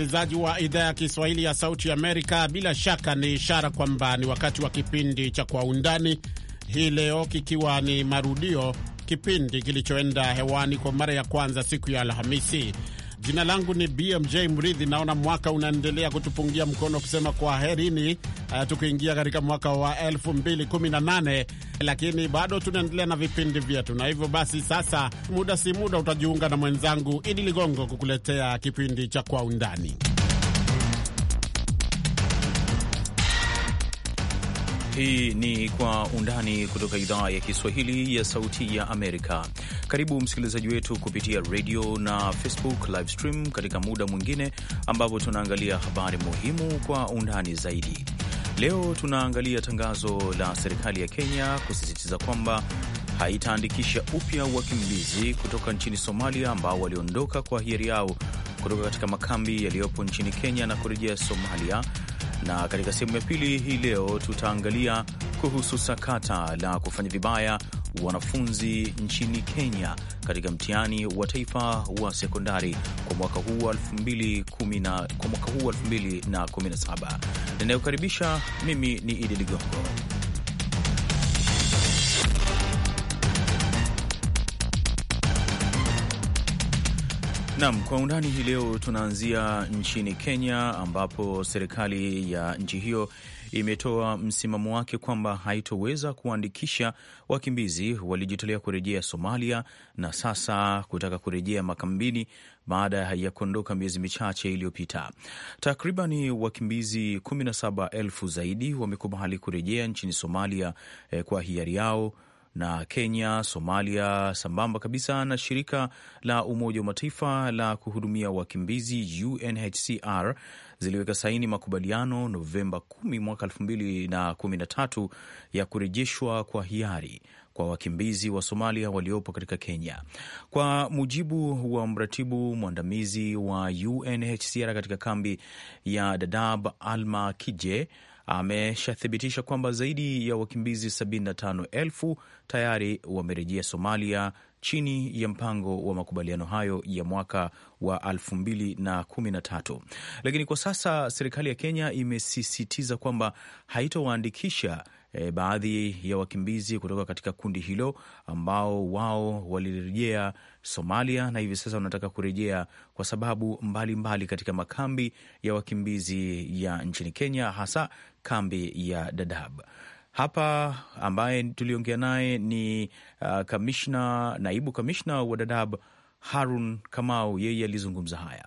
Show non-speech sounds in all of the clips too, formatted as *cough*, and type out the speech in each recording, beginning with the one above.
msikilizaji wa idhaa ya Kiswahili ya Sauti Amerika. Bila shaka ni ishara kwamba ni wakati wa kipindi cha Kwa Undani hii leo, kikiwa ni marudio kipindi kilichoenda hewani kwa mara ya kwanza siku ya Alhamisi. Jina langu ni BMJ Mridhi. Naona mwaka unaendelea kutupungia mkono kusema kwa herini, uh, eh, tukiingia katika mwaka wa 2018 lakini bado tunaendelea na vipindi vyetu, na hivyo basi sasa, muda si muda utajiunga na mwenzangu Idi Ligongo kukuletea kipindi cha Kwa Undani. Hii ni Kwa Undani kutoka idhaa ya Kiswahili ya Sauti ya Amerika. Karibu msikilizaji wetu kupitia radio na Facebook live stream katika muda mwingine ambapo tunaangalia habari muhimu kwa undani zaidi. Leo tunaangalia tangazo la serikali ya Kenya kusisitiza kwamba haitaandikisha upya wakimbizi kutoka nchini Somalia ambao waliondoka kwa hiari yao kutoka katika makambi yaliyopo nchini Kenya na kurejea Somalia na katika sehemu ya pili hii leo tutaangalia kuhusu sakata la kufanya vibaya wanafunzi nchini Kenya katika mtihani wa taifa wa sekondari kwa mwaka huu wa 2017. Ninayokaribisha mimi ni Idi Ligongo. Nam kwa undani hii leo, tunaanzia nchini Kenya ambapo serikali ya nchi hiyo imetoa msimamo wake kwamba haitoweza kuandikisha wakimbizi walijitolea kurejea Somalia na sasa kutaka kurejea makambini baada ya kuondoka miezi michache iliyopita. Takribani wakimbizi 17,000 zaidi wamekubali kurejea nchini Somalia eh, kwa hiari yao na Kenya, Somalia, sambamba kabisa na shirika la Umoja wa Mataifa la kuhudumia wakimbizi UNHCR ziliweka saini makubaliano Novemba 10 mwaka 2013 ya kurejeshwa kwa hiari kwa wakimbizi wa Somalia waliopo katika Kenya. Kwa mujibu wa mratibu mwandamizi wa UNHCR katika kambi ya Dadaab, Alma Kije ameshathibitisha kwamba zaidi ya wakimbizi 75,000 tayari wamerejea Somalia chini ya mpango wa makubaliano hayo ya mwaka wa elfu na Lakini kwa sasa serikali ya Kenya imesisitiza kwamba haitowaandikisha e, baadhi ya wakimbizi kutoka katika kundi hilo ambao wao walirejea Somalia na hivi sasa wanataka kurejea kwa sababu mbalimbali mbali katika makambi ya wakimbizi ya nchini Kenya hasa kambi ya Dadaab hapa ambaye tuliongea naye ni uh, kamishna, naibu kamishna wa Dadab Harun Kamau, yeye alizungumza haya.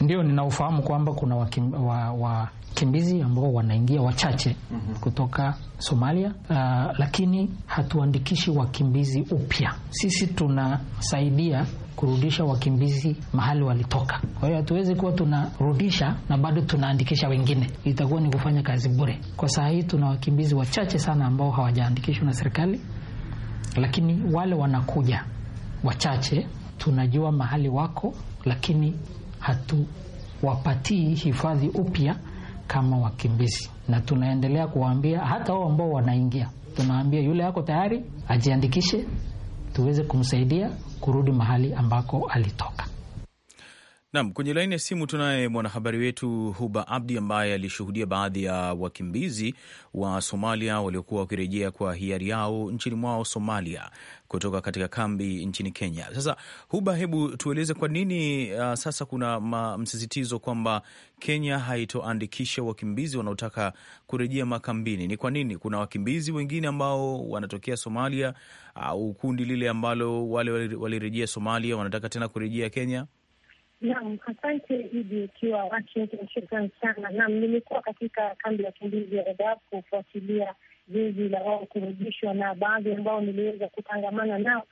Ndio, ninaofahamu kwamba kuna wakimbizi wa, wa ambao wanaingia wachache mm -hmm. kutoka Somalia uh, lakini hatuandikishi wakimbizi upya. Sisi tunasaidia kurudisha wakimbizi mahali walitoka. Kwa hiyo hatuwezi kuwa tunarudisha na bado tunaandikisha wengine, itakuwa ni kufanya kazi bure. Kwa saa hii tuna wakimbizi wachache sana ambao hawajaandikishwa na serikali, lakini wale wanakuja wachache, tunajua mahali wako, lakini hatuwapatii hifadhi upya kama wakimbizi, na tunaendelea kuwaambia hata wao ambao wanaingia, tunaambia yule yako tayari ajiandikishe tuweze kumsaidia kurudi mahali ambako alitoka. Nam, kwenye laini ya simu tunaye mwanahabari wetu Huba Abdi ambaye alishuhudia baadhi ya wakimbizi wa Somalia waliokuwa wakirejea kwa hiari yao nchini mwao Somalia kutoka katika kambi nchini Kenya. Sasa Huba, hebu tueleze kwa nini uh, sasa kuna msisitizo kwamba Kenya haitoandikisha wakimbizi wanaotaka kurejea makambini? Ni kwa nini kuna wakimbizi wengine ambao wanatokea Somalia au kundi lile ambalo wale walirejea Somalia wanataka tena kurejea Kenya? Naam, asante Idi, ukiwa watu wote sana. Naam, nimekuwa katika kambi ya wakimbizi ya Dadaab kufuatilia zoezi la wao kurejeshwa, na baadhi ambao niliweza kutangamana nao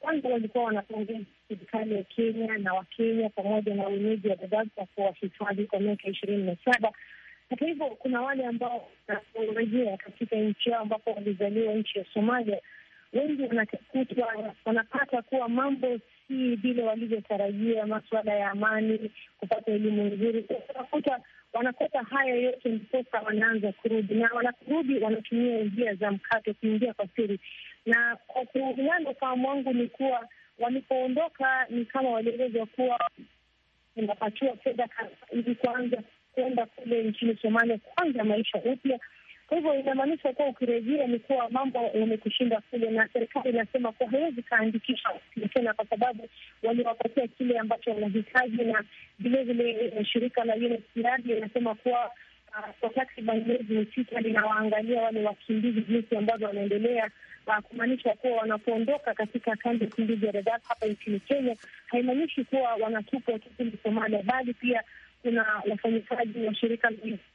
kwanza walikuwa wanapongeza serikali ya Kenya na Wakenya pamoja na wenyeji wa Dadaab kwa kuwahifadhi kwa miaka ishirini na saba. Hata hivyo kuna wale ambao wanarejea katika nchi yao ambapo walizaliwa, nchi ya Somalia wengi wanakutwa wanapata kuwa mambo si vile walivyotarajia, masuala ya amani, kupata elimu nzuri, wanakuta wanakosa haya yote, mposa wanaanza kurudi, na wanaporudi wanatumia njia za mkato kuingia kwa siri. Na kwa kuingana, ufahamu wangu ni kuwa walipoondoka ni kama walielezwa kuwa unapatiwa fedha ili kuanza kuenda kule nchini Somalia kuanza maisha upya kwa hivyo inamaanisha kuwa ukirejea ni kuwa mambo yamekushinda kule, na serikali inasema kuwa hawezi kaandikisha tena kwa sababu waliwapatia kile ambacho wanahitaji, na vilevile eh, shirika la UNHCR inasema kuwa ah, kwa takriban miezi sita linawaangalia wale wakimbizi jinsi ambavyo wanaendelea, ah, kumaanisha kuwa wanapoondoka katika kambi ya wakimbizi ya Dadaab hapa nchini Kenya haimaanishi kuwa wanatupwa tu kule Somalia, bali pia kuna wafanyakazi wa shirika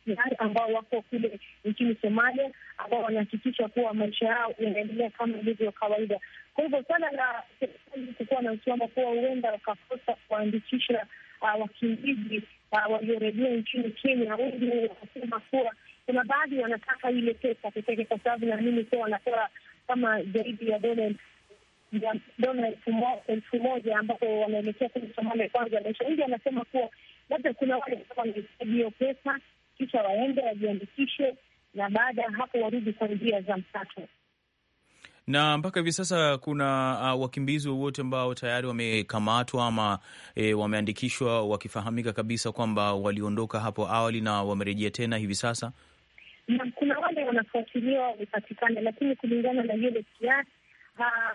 la ambao wako kule nchini Somalia ambao wanahakikisha kuwa maisha yao yanaendelea kama ilivyo kawaida. Kwa hivyo suala la serikali kukuwa na msimamo kuwa huenda wakakosa uh, wakimbizi ah, waliorejea nchini Kenya, wengi wanasema kuwa kuna baadhi wanataka ile pesa pekee, kwa sababu naamini kuwa wanatoa kama zaidi ya dola dola elfu moja ambapo wanaelekea kwenye Somalia kwanza. Maisha wengi anasema kuwa labda kuna wale ambao wanahitaji hiyo pesa, kisha waende wajiandikishe, na baada ya hapo warudi kwa njia za mkato na mpaka hivi sasa kuna uh, wakimbizi wowote ambao tayari wamekamatwa ama e, wameandikishwa wakifahamika kabisa kwamba waliondoka hapo awali na wamerejea tena hivi sasa? Na kuna wale wanafuatiliwa wamepatikana, lakini kulingana na yule kiasi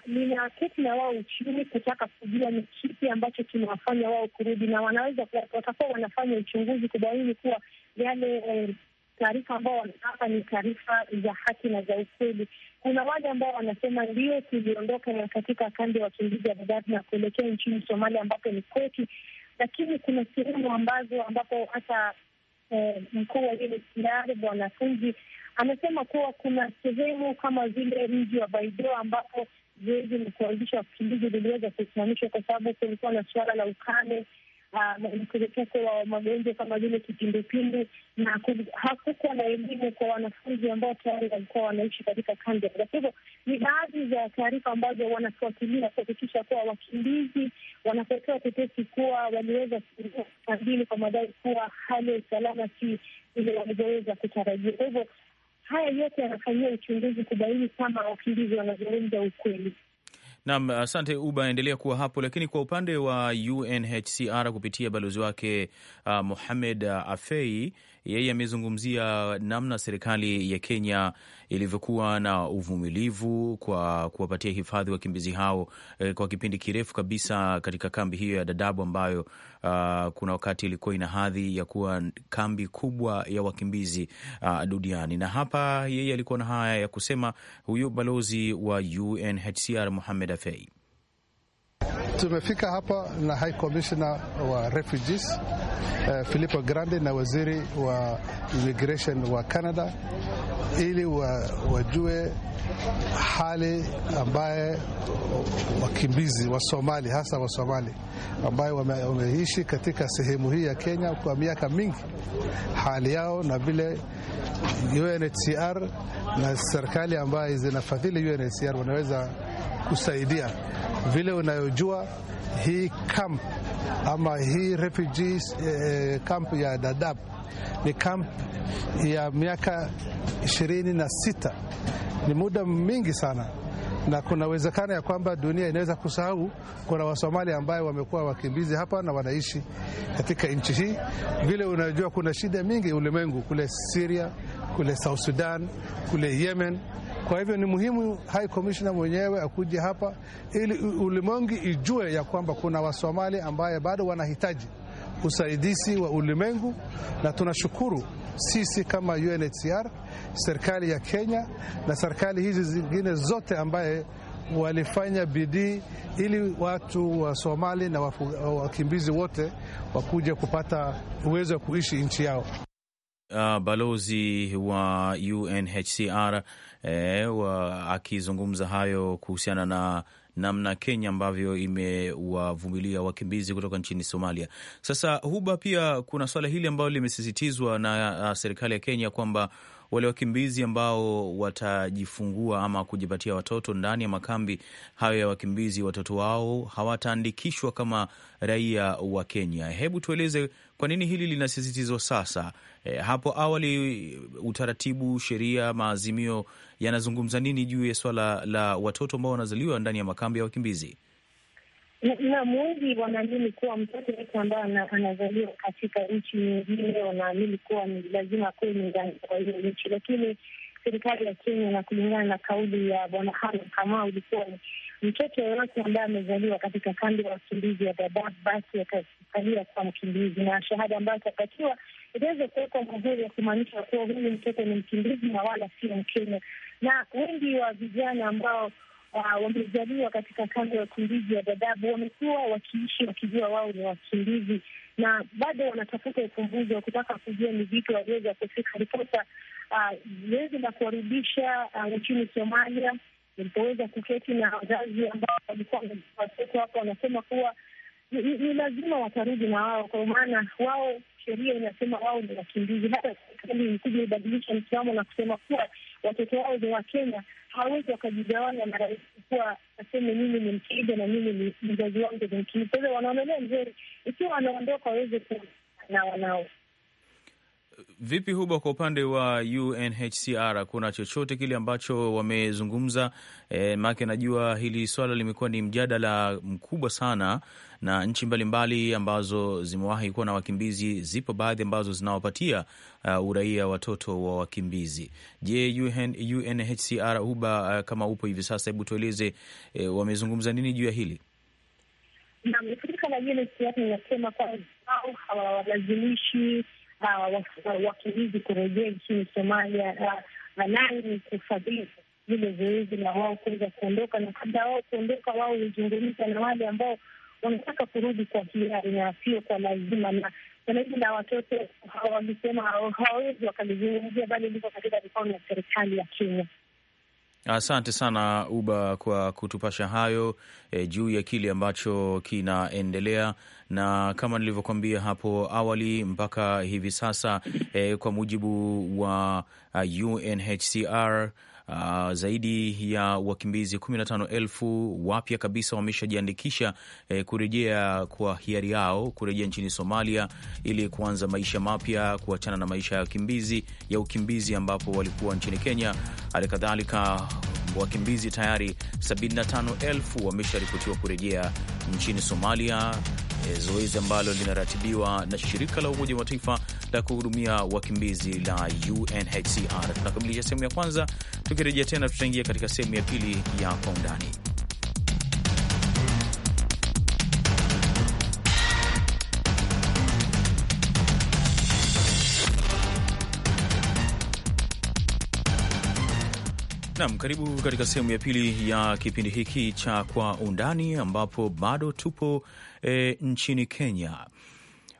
ninaketi na wao uchumi kutaka kujua ni kipi ambacho kinawafanya wao kurudi, na wanaweza watakuwa wanafanya uchunguzi kubaini kuwa yale eh, taarifa ambao wanataka ni taarifa za haki na za ukweli. Kuna wale ambao wanasema ndio, tuliondoka katika kambi ya wakimbizi ya Dadaab na kuelekea nchini Somalia ambapo ni kwetu, lakini kuna sehemu ambazo ambapo hata eh, mkuu wa ile tayari bwana Anasema kuwa kuna sehemu kama vile mji wa Baidoa ambapo zoezi la kuanzisha wakimbizi liliweza kusimamishwa kwa sababu kulikuwa na suala la ukame ah, na mkurupuko wa magonjwa kama vile kipindupindu, na hakukuwa na elimu kwa wanafunzi ambao tayari walikuwa wanaishi katika kambi. ya hivyo ni baadhi za taarifa ambazo wanafuatilia kuhakikisha kuwa wakimbizi wanapokea tetesi kuwa waliweza kuingia kambini kwa madai kuwa hali ya usalama si ile walivyoweza kutarajia. Kwa hivyo haya yote yanafanyia uchunguzi kubaini kama wakimbizi wanazungumza ukweli. Naam, asante Uba, endelea kuwa hapo. Lakini kwa upande wa UNHCR kupitia balozi wake uh, Mohamed uh, Afei yeye amezungumzia namna serikali ya Kenya ilivyokuwa na uvumilivu kwa kuwapatia hifadhi wakimbizi hao eh, kwa kipindi kirefu kabisa katika kambi hiyo ya dadabu ambayo uh, kuna wakati ilikuwa ina hadhi ya kuwa kambi kubwa ya wakimbizi uh, duniani. Na hapa yeye alikuwa na haya ya kusema, huyu balozi wa UNHCR Mohamed Afei. Tumefika hapa na High Commissioner wa Refugees uh, eh, Filippo Grandi na waziri wa immigration wa Canada ili wajue hali ambaye wakimbizi wa Somali hasa wa Somali ambayo wame, wameishi katika sehemu hii ya Kenya kwa miaka mingi, hali yao na vile UNHCR na serikali ambayo zinafadhili UNHCR wanaweza kusaidia vile unayojua hii camp ama hii refugees eh, eh, camp ya Dadaab ni camp ya miaka ishirini na sita. Ni muda mingi sana na kuna uwezekano ya kwamba dunia inaweza kusahau kuna Wasomali ambayo wamekuwa wakimbizi hapa na wanaishi katika nchi hii. Vile unajua kuna shida mingi ulimwengu, kule Syria, kule South Sudan, kule Yemen kwa hivyo ni muhimu High Commissioner mwenyewe akuje hapa ili ulimwengu ijue ya kwamba kuna Wasomali ambaye bado wanahitaji usaidizi wa ulimwengu, na tunashukuru sisi kama UNHCR, serikali ya Kenya na serikali hizi zingine zote ambaye walifanya bidii ili watu wa Somali na wakimbizi wote wakuja kupata uwezo wa kuishi nchi yao. Uh, balozi wa UNHCR eh, wa, akizungumza hayo kuhusiana na namna Kenya ambavyo imewavumilia wakimbizi kutoka nchini Somalia. Sasa Huba, pia kuna swala hili ambalo limesisitizwa na uh, serikali ya Kenya kwamba wale wakimbizi ambao watajifungua ama kujipatia watoto ndani ya makambi hayo ya wakimbizi, watoto wao hawataandikishwa kama raia wa Kenya. Hebu tueleze kwa nini hili linasisitizwa sasa? E, hapo awali utaratibu, sheria, maazimio yanazungumza nini juu ya swala la watoto ambao wanazaliwa ndani ya makambi ya wakimbizi? na wengi wanaamini kuwa mtoto wetu ambaye anazaliwa katika nchi nyingine, wanaamini kuwa ni lazima kuwe nyumbani kwa hiyo nchi. Lakini serikali ya Kenya, na kulingana na kauli ya bwana Hama Kamau, ulikuwa ni mtoto yoyote ambaye amezaliwa katika kambi ya wakimbizi ya Dadaab basi atasalia kwa mkimbizi, na shahada ambayo atapatiwa itaweza kuwekwa muhuri ya kumaanisha kuwa huyu mtoto ni mkimbizi na wala sio Mkenya. Na wengi wa vijana ambao uh, wamezaliwa katika kando ya wakimbizi ya dadabu wamekuwa wakiishi wakijua wao ni wakimbizi, na bado wanatafuta ufumbuzi wa kutaka kujua ni vipi waliweza kufika, ndiposa zoezi uh, la kuwarudisha uh, nchini uh, Somalia walipoweza kuketi na wazazi ambao walikuwa watoto hapo, wanasema kuwa ni lazima watarudi na wao, kwa maana wao sheria inasema wao ni wakimbizi. Hata serikali ilikuja ibadilisha msimamo na kusema kuwa watoto wao wa Kenya wakajigawana na mara kuwa aseme mimi ni mkija na mimi ni mzazi wangu ni Mkenya. Kwa hivyo wanaonelea mzuri ikiwa wanaondoka waweze kuna wanao Vipi Huba, kwa upande wa UNHCR kuna chochote kile ambacho wamezungumza? E, eh, maake najua hili swala limekuwa ni mjadala mkubwa sana, na nchi mbalimbali ambazo zimewahi kuwa na wakimbizi, zipo baadhi ambazo zinawapatia uh, uraia watoto wa wakimbizi. Je, UN, UNHCR Huba, uh, kama upo hivi sasa, hebu tueleze uh, wamezungumza nini juu ya hili? shirika la UNHCR linasema kwamba hawawalazimishi wakimbizi kurejea nchini Somalia, nani kufadhili vile zoezi la wao kuweza kuondoka, na kabla wao kuondoka, wao huzungumza na wale ambao wanataka kurudi kwa hiari na sio kwa lazima. Na swala hili la watoto walisema hawawezi wakalizungumzia, bali liko katika mikono ya serikali ya Kenya. Asante sana Uba kwa kutupasha hayo e, juu ya kile ambacho kinaendelea na kama nilivyokuambia hapo awali mpaka hivi sasa e, kwa mujibu wa UNHCR uh, uh, zaidi ya wakimbizi 15,000 wapya kabisa wameshajiandikisha eh, kurejea kwa hiari yao kurejea nchini Somalia ili kuanza maisha mapya, kuachana na maisha ya wakimbizi ya ukimbizi ambapo walikuwa nchini Kenya. Hali kadhalika wakimbizi tayari 75,000 wamesharipotiwa kurejea nchini Somalia Eh, zoezi ambalo linaratibiwa na shirika la Umoja wa Mataifa la kuhudumia wakimbizi la UNHCR. Tunakamilisha sehemu ya kwanza, tukirejea tena tutaingia katika sehemu ya pili ya kwa undani. Nam, karibu katika sehemu ya pili ya kipindi hiki cha Kwa Undani, ambapo bado tupo e, nchini Kenya.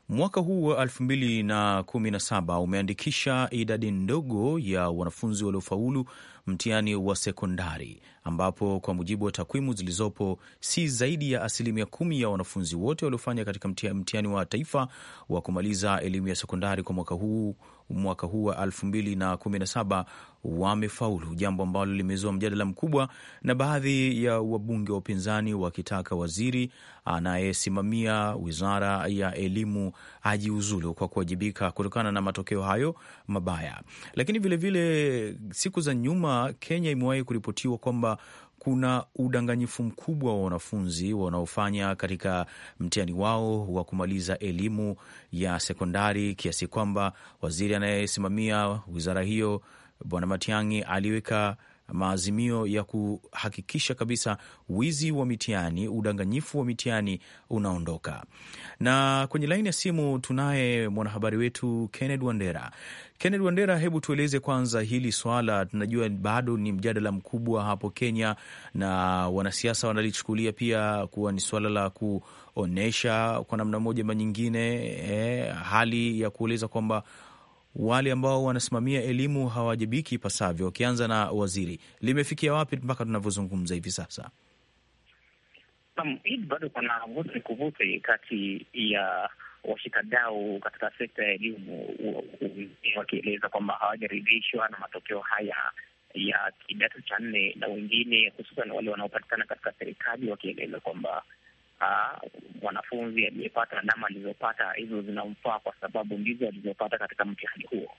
Mwaka huu wa 2017 umeandikisha idadi ndogo ya wanafunzi waliofaulu mtihani wa sekondari, ambapo kwa mujibu wa takwimu zilizopo si zaidi ya asilimia kumi ya wanafunzi wote waliofanya katika mtihani wa taifa wa kumaliza elimu ya sekondari kwa mwaka huu mwaka huu wa 2017 wamefaulu, jambo ambalo limezua mjadala mkubwa, na baadhi ya wabunge wa upinzani wakitaka waziri anayesimamia wizara ya elimu ajiuzulu kwa kuwajibika kutokana na matokeo hayo mabaya. Lakini vilevile vile, siku za nyuma Kenya imewahi kuripotiwa kwamba kuna udanganyifu mkubwa wa wanafunzi wanaofanya katika mtihani wao wa kumaliza elimu ya sekondari, kiasi kwamba waziri anayesimamia wizara hiyo Bwana Matiang'i aliweka maazimio ya kuhakikisha kabisa wizi wa mitihani, udanganyifu wa mitihani unaondoka. Na kwenye laini ya simu tunaye mwanahabari wetu Kenneth Wandera. Kenneth Wandera, hebu tueleze kwanza hili swala, tunajua bado ni mjadala mkubwa hapo Kenya na wanasiasa wanalichukulia pia kuwa ni swala la kuonyesha kwa namna moja ama nyingine, eh, hali ya kueleza kwamba wale ambao wanasimamia elimu hawajibiki ipasavyo, wakianza na waziri. Limefikia wapi mpaka tunavyozungumza hivi sasa? Hili bado kuna vuta kuvute kati ya washikadau katika sekta ya elimu, wakieleza kwamba hawajaridhishwa na matokeo haya ya kidato cha nne, na wengine hususan wale wanaopatikana katika serikali wakieleza kwamba Ah, mwanafunzi aliyepata alama alizopata hizo zinamfaa kwa sababu ndizo alizopata katika mtihani huo.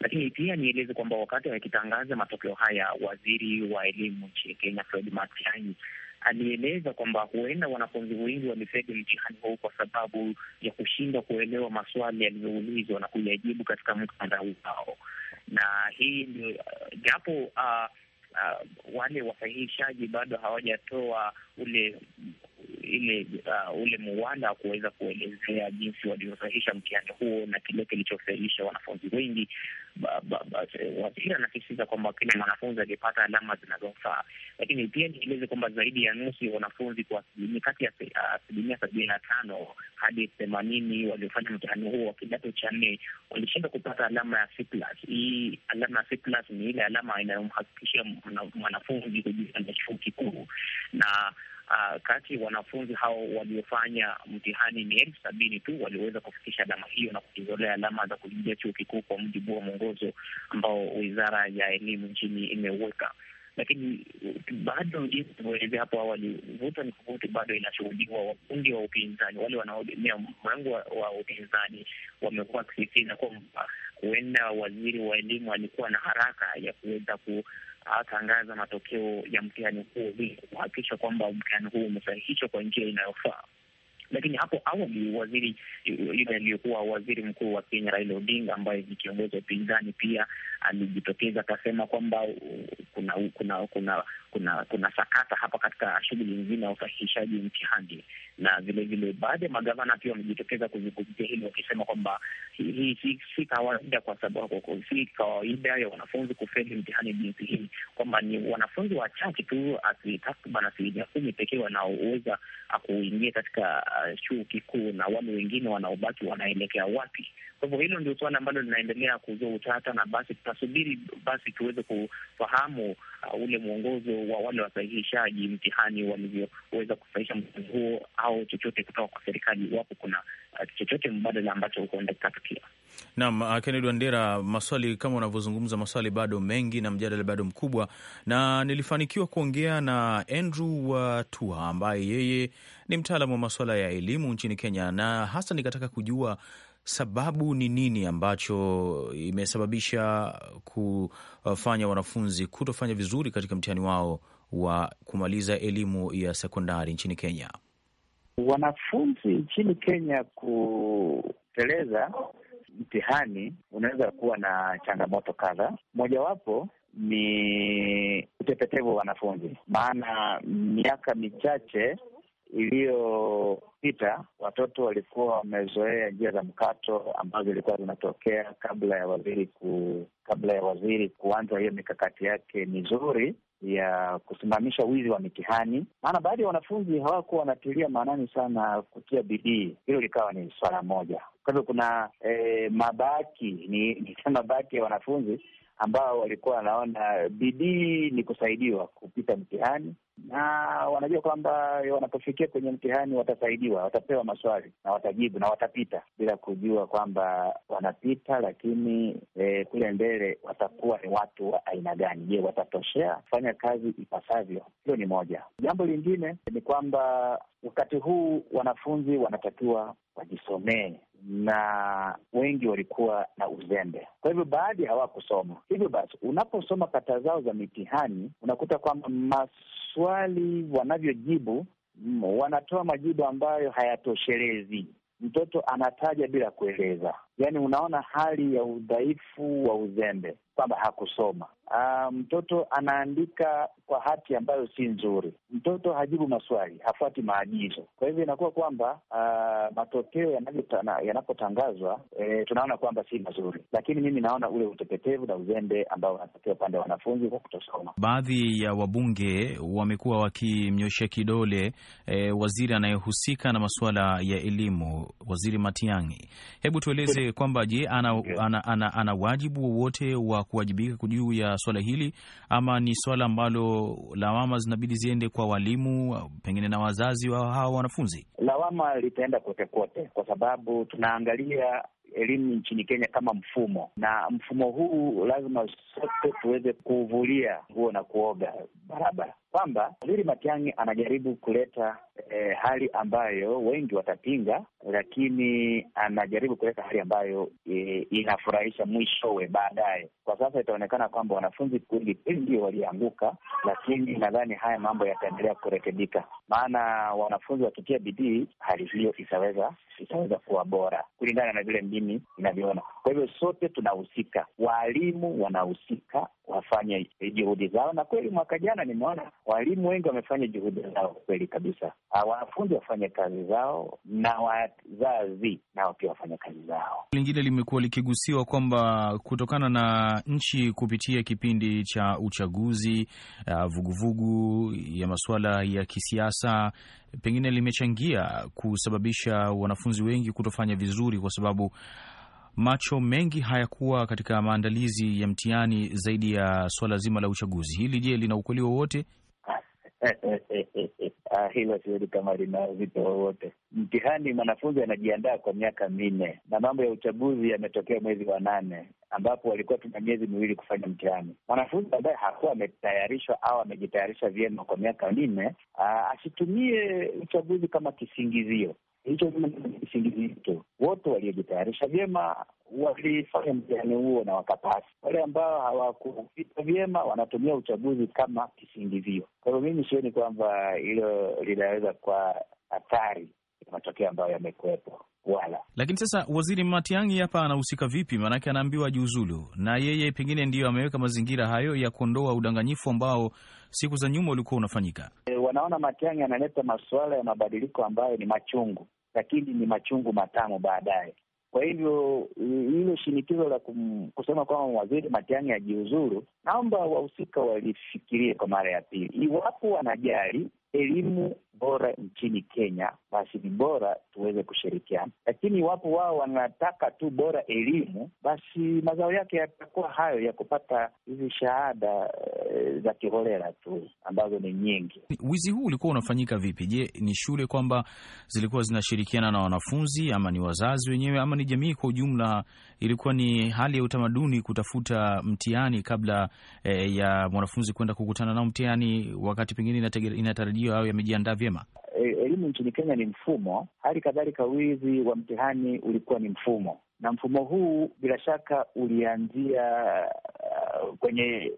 Lakini pia nieleze kwamba wakati akitangaza matokeo haya, waziri wa elimu nchini Kenya Fred Matiang'i alieleza kwamba huenda wanafunzi wengi walifeli mtihani huu kwa sababu ya kushindwa kuelewa maswali yaliyoulizwa na kuyajibu katika muktadha wao, na hii ndio japo uh, uh, wale wasahihishaji bado hawajatoa ule ile uh, ule muwala wa kuweza kuelezea jinsi waliosahisha mtihani huo na kile kilichosahihisha wanafunzi wengi. Waziri anasisitiza kwamba kila mwanafunzi alipata alama zinazofaa, lakini pia nieleze kwamba zaidi ya nusu ya wanafunzi kwa kati ya uh, asilimia sabini na tano hadi themanini waliofanya mtihani huo wa kidato cha nne walishindwa kupata alama ya C+. Hii alama ya C+ ni ile alama inayomhakikishia mwanafunzi kujiunga na chuo kikuu na uh, kati wanafunzi hao waliofanya mtihani ni elfu sabini tu walioweza kufikisha alama hiyo na kujizolea alama za kuingia chuo kikuu kwa mujibu wa mwongozo ambao wizara ya elimu nchini imeuweka lakini bado jinsi ilivyoelezea hapo awali, vuta ni kuvuti bado inashuhudiwa. Wakundi wa upinzani, wale wanaoegemea mrengo wa upinzani, wamekuwa wakisisitiza kwamba huenda waziri wa elimu alikuwa na haraka ya kuweza ku atangaza matokeo ya mtihani huu ili kuhakikisha kwamba mtihani huu umesahihishwa kwa njia inayofaa. Lakini hapo awali waziri yule aliyokuwa waziri mkuu wa Kenya Raila Odinga, ambaye ni kiongozi wa upinzani, pia alijitokeza akasema kwamba kuna kuna kuna kuna kuna sakata hapa katika shughuli nzima ya usahihishaji mtihani, na vilevile baadhi ya magavana pia wamejitokeza kuzungumzia hili wakisema kwamba hii si, si kawaida, kwa sababu si kawaida ya wanafunzi kufeli mtihani jinsi hii, kwamba ni wanafunzi wachache tu, takriban asilimia kumi pekee wanaoweza kuingia katika uh, chuo kikuu, na wale wengine wanaobaki wanaelekea wapi? Kwa hivyo hilo ndio suala ambalo linaendelea kuzua utata, na basi tutasubiri basi tuweze kufahamu uh, ule mwongozo wa wale wasahihishaji mtihani walivyoweza kusahihisha mtihani huo au chochote kutoka kwa serikali, iwapo kuna uh, chochote mbadala ambacho huenda kikatukia. Naam, uh, Kennedy Wandera, maswali kama unavyozungumza, maswali bado mengi na mjadala bado mkubwa, na nilifanikiwa kuongea na Andrew watuha ambaye yeye ni mtaalamu wa masuala ya elimu nchini Kenya, na hasa nikataka kujua sababu ni nini ambacho imesababisha kufanya wanafunzi kutofanya vizuri katika mtihani wao wa kumaliza elimu ya sekondari nchini Kenya? Wanafunzi nchini Kenya kuteleza mtihani unaweza kuwa na changamoto kadhaa. Mojawapo ni utepetevu wa wanafunzi, maana miaka michache iliyopita watoto walikuwa wamezoea njia za mkato ambazo zilikuwa zinatokea kabla ya waziri ku, kabla ya waziri kuanza hiyo mikakati yake mizuri ya kusimamisha wizi wa mitihani, maana baadhi ya wanafunzi hawakuwa wanatilia maanani sana kutia bidii. Hilo likawa ni swala moja. Kwa hivyo kuna e, mabaki ni, ni *laughs* mabaki ya wanafunzi ambao walikuwa wanaona bidii ni kusaidiwa kupita mtihani na wanajua kwamba wanapofikia kwenye mtihani watasaidiwa, watapewa maswali na watajibu na watapita, bila kujua kwamba wanapita, lakini e, kule mbele watakuwa ni watu wa aina gani? Je, watatoshea kufanya kazi ipasavyo? Hilo ni moja. Jambo lingine ni kwamba wakati huu wanafunzi wanatakiwa wajisomee na wengi walikuwa na uzembe, kwa hivyo baadhi hawakusoma. Hivyo basi, unaposoma kata zao za mitihani unakuta kwamba mas maswali wanavyojibu, mm, wanatoa majibu ambayo hayatoshelezi. Mtoto anataja bila kueleza. Yani unaona hali ya udhaifu wa uzembe kwamba hakusoma. Aa, ah, mtoto anaandika kwa hati ambayo si nzuri, mtoto hajibu maswali, hafuati maagizo. Kwa hivyo inakuwa kwamba ah, matokeo yanapotangazwa e, tunaona kwamba si mazuri, lakini mimi naona ule utepetevu na uzembe ambao unatokea upande wa wanafunzi kwa kutosoma. Baadhi ya wabunge wamekuwa wakimnyoshea kidole e, waziri anayehusika na masuala ya elimu, Waziri Matiang'i. Hebu tueleze yoyote eh, kwamba je, ana, yeah. ana, ana, ana wajibu wowote wa kuwajibika juu ya swala hili ama ni swala ambalo lawama zinabidi ziende kwa walimu pengine na wazazi wa hawa wanafunzi? Lawama litaenda kote kote, kwa sababu tunaangalia elimu nchini Kenya kama mfumo, na mfumo huu lazima sote tuweze kuuvulia nguo na kuoga barabara kwamba Waziri Matiang'i anajaribu kuleta eh, hali ambayo wengi watapinga, lakini anajaribu kuleta hali ambayo eh, inafurahisha mwishowe baadaye. Kwa sasa itaonekana kwamba wanafunzi wengi ndio walianguka, lakini nadhani haya mambo yataendelea kurekebika, maana wanafunzi wakitia bidii, hali hiyo itaweza itaweza kuwa bora kulingana na vile mimi inavyoona. Kwa hivyo sote tunahusika, waalimu wanahusika, wafanye juhudi zao, na kweli mwaka jana nimeona Walimu wengi wamefanya juhudi zao kweli kabisa, ah, wanafunzi wafanye kazi zao na wazazi nao pia wafanye kazi zao. Lingine limekuwa likigusiwa kwamba kutokana na nchi kupitia kipindi cha uchaguzi, ah, vuguvugu vugu ya masuala ya kisiasa pengine limechangia kusababisha wanafunzi wengi kutofanya vizuri kwa sababu macho mengi hayakuwa katika maandalizi ya mtihani zaidi ya swala zima la uchaguzi. Hili je, lina ukweli wowote? Eh, eh, eh, ah, hilo siwezi kama lina uzito wowote. Mtihani mwanafunzi anajiandaa kwa miaka minne, na mambo ya uchaguzi yametokea mwezi wa nane, ambapo walikuwa tuna miezi miwili kufanya mtihani. Mwanafunzi ambaye hakuwa ametayarishwa au amejitayarisha vyema kwa miaka minne, ah, asitumie uchaguzi kama kisingizio hicho kisingizito. Wote waliojitayarisha vyema walifanya mtihani huo na wakapasi. Wale ambao hawakupita vyema wanatumia uchaguzi kama kisingizio. Kwa hivyo mimi sioni kwamba hilo linaweza kuwa hatari ya matokeo ambayo yamekuwepo wala. Lakini sasa waziri Matiang'i hapa anahusika vipi? Maanake anaambiwa ajiuzulu, na yeye pengine ndiyo ameweka mazingira hayo ya kuondoa udanganyifu ambao siku za nyuma ulikuwa unafanyika wanaona Matiang'i analeta masuala ya mabadiliko ambayo ni machungu, lakini ni machungu matamu baadaye. Kwa hivyo hilo shinikizo la kum, kusema kwamba waziri Matiang'i ajiuzuru, naomba wahusika walifikirie kwa mara ya pili. Iwapo wanajali elimu bora nchini Kenya, basi ni bora tuweze kushirikiana, lakini iwapo wao wanataka tu bora elimu, basi mazao yake yatakuwa hayo ya kupata hizi shahada e, za kiholela tu ambazo ni nyingi. Wizi huu ulikuwa unafanyika vipi? Je, ni shule kwamba zilikuwa zinashirikiana na wanafunzi ama ni wazazi wenyewe ama ni jamii kwa ujumla? Ilikuwa ni hali ya utamaduni kutafuta mtihani kabla e, ya mwanafunzi kwenda kukutana nao mtihani, wakati pengine inatarajiwa au yamejiandaa vyema. Eh, elimu nchini Kenya ni mfumo, hali kadhalika wizi wa mtihani ulikuwa ni mfumo, na mfumo huu bila shaka ulianzia uh, kwenye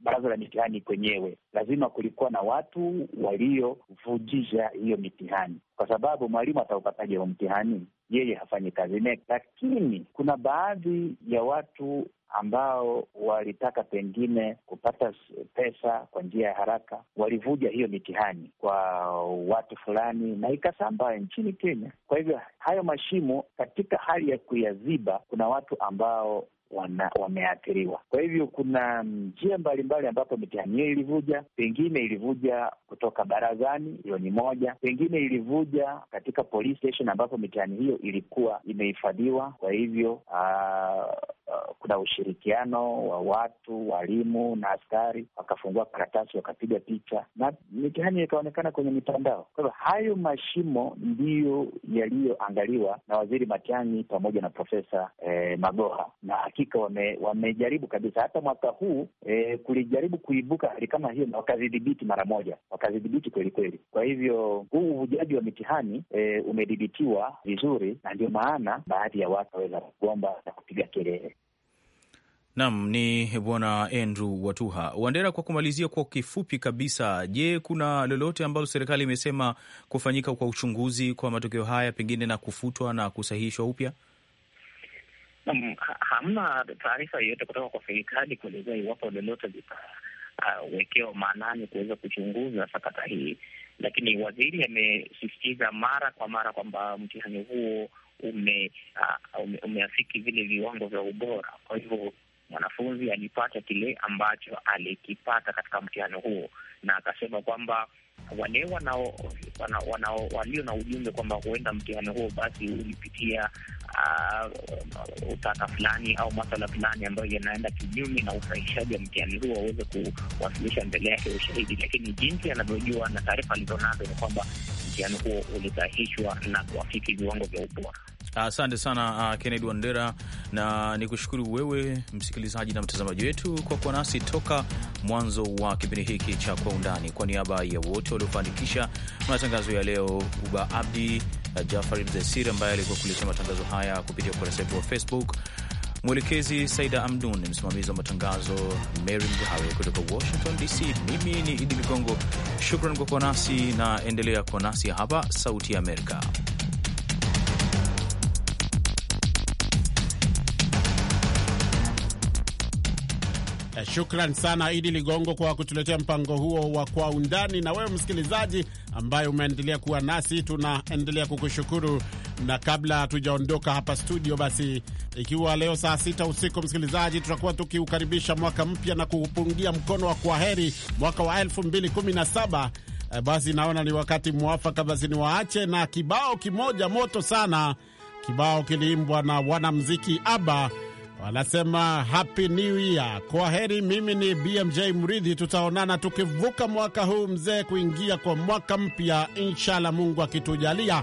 baraza la mitihani kwenyewe. Lazima kulikuwa na watu waliovujisha hiyo mitihani, kwa sababu mwalimu ataupataje huo mtihani? Yeye hafanyi kazi neke. Lakini kuna baadhi ya watu ambao walitaka pengine kupata pesa kwa njia ya haraka, walivuja hiyo mitihani kwa watu fulani na ikasambaa nchini Kenya. Kwa hivyo hayo mashimo, katika hali ya kuyaziba, kuna watu ambao wameathiriwa. Kwa hivyo kuna njia mbalimbali ambapo mitihani hiyo ilivuja, pengine ilivuja kutoka barazani, hiyo ni moja, pengine ilivuja katika police station ambapo mitihani hiyo ilikuwa imehifadhiwa. Kwa hivyo aa, kuna ushirikiano wa watu, walimu na askari, wakafungua karatasi, wakapiga picha na mitihani ikaonekana kwenye mitandao. Kwa hivyo hayo mashimo ndiyo yaliyoangaliwa na Waziri Matiang'i pamoja na Profesa eh, Magoha na hakika wame, wamejaribu kabisa. Hata mwaka huu e, kulijaribu kuibuka hali kama hiyo na wakazidhibiti mara moja, wakazidhibiti kweli kweli. Kwa hivyo huu uvujaji wa mitihani e, umedhibitiwa vizuri, na ndio maana baadhi ya watu waweza kugomba na kupiga kelele. Nam ni Bwana Andrew Watuha Wandera. Kwa kumalizia, kwa kifupi kabisa, je, kuna lolote ambalo serikali imesema kufanyika kwa uchunguzi kwa matokeo haya pengine na kufutwa na kusahihishwa upya? hamna taarifa yoyote kutoka kwa serikali kuelezea iwapo lolote litawekewa uh, maanani kuweza kuchunguza sakata hii, lakini waziri amesisitiza mara kwa mara kwamba mtihani huo ume, uh, ume, umeafiki vile viwango vya ubora. Kwa hivyo mwanafunzi alipata kile ambacho alikipata katika mtihani huo, na akasema kwamba wale wanao wana, walio na ujumbe kwamba huenda mtihani huo basi ulipitia uh, utata fulani au maswala fulani ambayo yanaenda kinyume na usahihishaji wa mtihani huo waweze kuwasilisha mbele yake ushahidi, lakini jinsi anavyojua na taarifa alizonazo ni kwamba mtihani huo ulisahihishwa na kuafiki viwango vya ubora. Asante sana uh, Kennedy Wandera, na ni kushukuru wewe msikilizaji na mtazamaji wetu kwa kuwa nasi toka mwanzo wa kipindi hiki cha Kwa Undani. Kwa niaba ya wote waliofanikisha matangazo ya leo, Uba Abdi, uh, Jafari Mzesiri ambaye alikuwa kuletea matangazo haya kupitia ukurasa wetu wa Facebook mwelekezi Saida Amdun, msimamizi wa matangazo Mary Mgawe kutoka Washington DC. Mimi ni Idi Ligongo, shukran kwa kuwa nasi na endelea kuwa nasi hapa Sauti ya Amerika. Eh, shukran sana Idi Ligongo kwa kutuletea mpango huo wa Kwa Undani. Na wewe msikilizaji ambaye umeendelea kuwa nasi, tunaendelea kukushukuru na kabla hatujaondoka hapa studio, basi ikiwa leo saa sita usiku, msikilizaji, tutakuwa tukiukaribisha mwaka mpya na kuupungia mkono wa kwaheri mwaka wa elfu mbili kumi na saba. Eh, basi naona ni wakati mwafaka, basi niwaache na kibao kimoja moto sana. Kibao kiliimbwa na wanamziki ABBA, wanasema happy new year, kwa heri. Mimi ni BMJ Mridhi, tutaonana tukivuka mwaka huu mzee, kuingia kwa mwaka mpya, inshallah, Mungu akitujalia.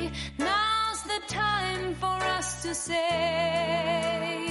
for us to say.